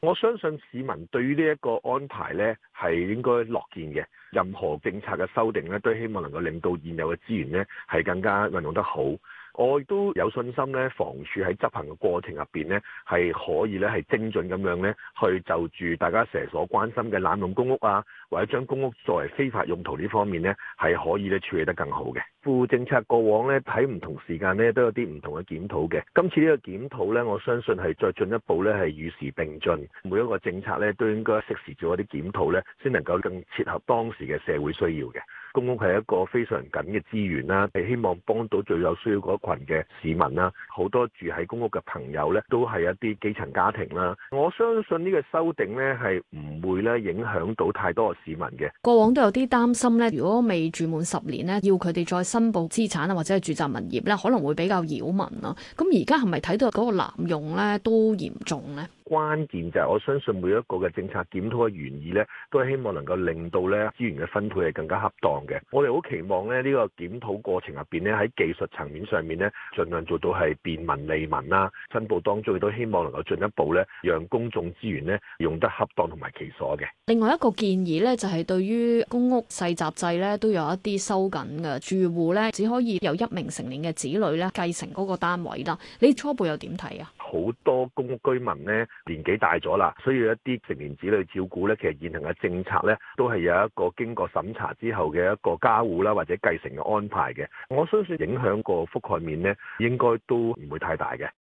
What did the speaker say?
我相信市民對於呢一個安排咧，係應該樂見嘅。任何政策嘅修訂咧，都希望能夠令到現有嘅資源咧係更加運用得好。我都有信心咧，房署喺執行嘅過程入邊咧，係可以咧係精準咁樣咧，去就住大家成日所關心嘅濫用公屋啊，或者將公屋作為非法用途呢方面咧，係可以咧處理得更好嘅。富戶政策過往咧，喺唔同時間咧都有啲唔同嘅檢討嘅。今次呢個檢討咧，我相信係再進一步咧係與時並進。每一個政策咧，都應該適時做一啲檢討咧，先能夠更切合當時嘅社會需要嘅。公屋係一個非常緊嘅資源啦，係希望幫到最有需要嗰羣嘅市民啦。好多住喺公屋嘅朋友咧，都係一啲基層家庭啦。我相信呢個修訂咧係唔會咧影響到太多嘅市民嘅。過往都有啲擔心咧，如果未住滿十年咧，要佢哋再申報資產啊，或者係住宅物業咧，可能會比較擾民咯。咁而家係咪睇到嗰個濫用咧都嚴重咧？關鍵就係我相信每一個嘅政策檢討嘅原意咧，都係希望能夠令到咧資源嘅分配係更加恰當嘅。我哋好期望咧呢、這個檢討過程入邊咧，喺技術層面上面咧，儘量做到係便民利民啦。申報當中亦都希望能夠進一步咧，讓公眾資源咧用得恰當同埋其所嘅。另外一個建議咧，就係、是、對於公屋世襲制咧，都有一啲收緊嘅住戶咧，只可以有一名成年嘅子女咧繼承嗰個單位啦。你初步又點睇啊？好多公屋居民咧。年紀大咗啦，需要一啲成年子女照顧咧，其實現行嘅政策咧，都係有一個經過審查之後嘅一個加戶啦，或者繼承嘅安排嘅。我相信影響個覆蓋面咧，應該都唔會太大嘅。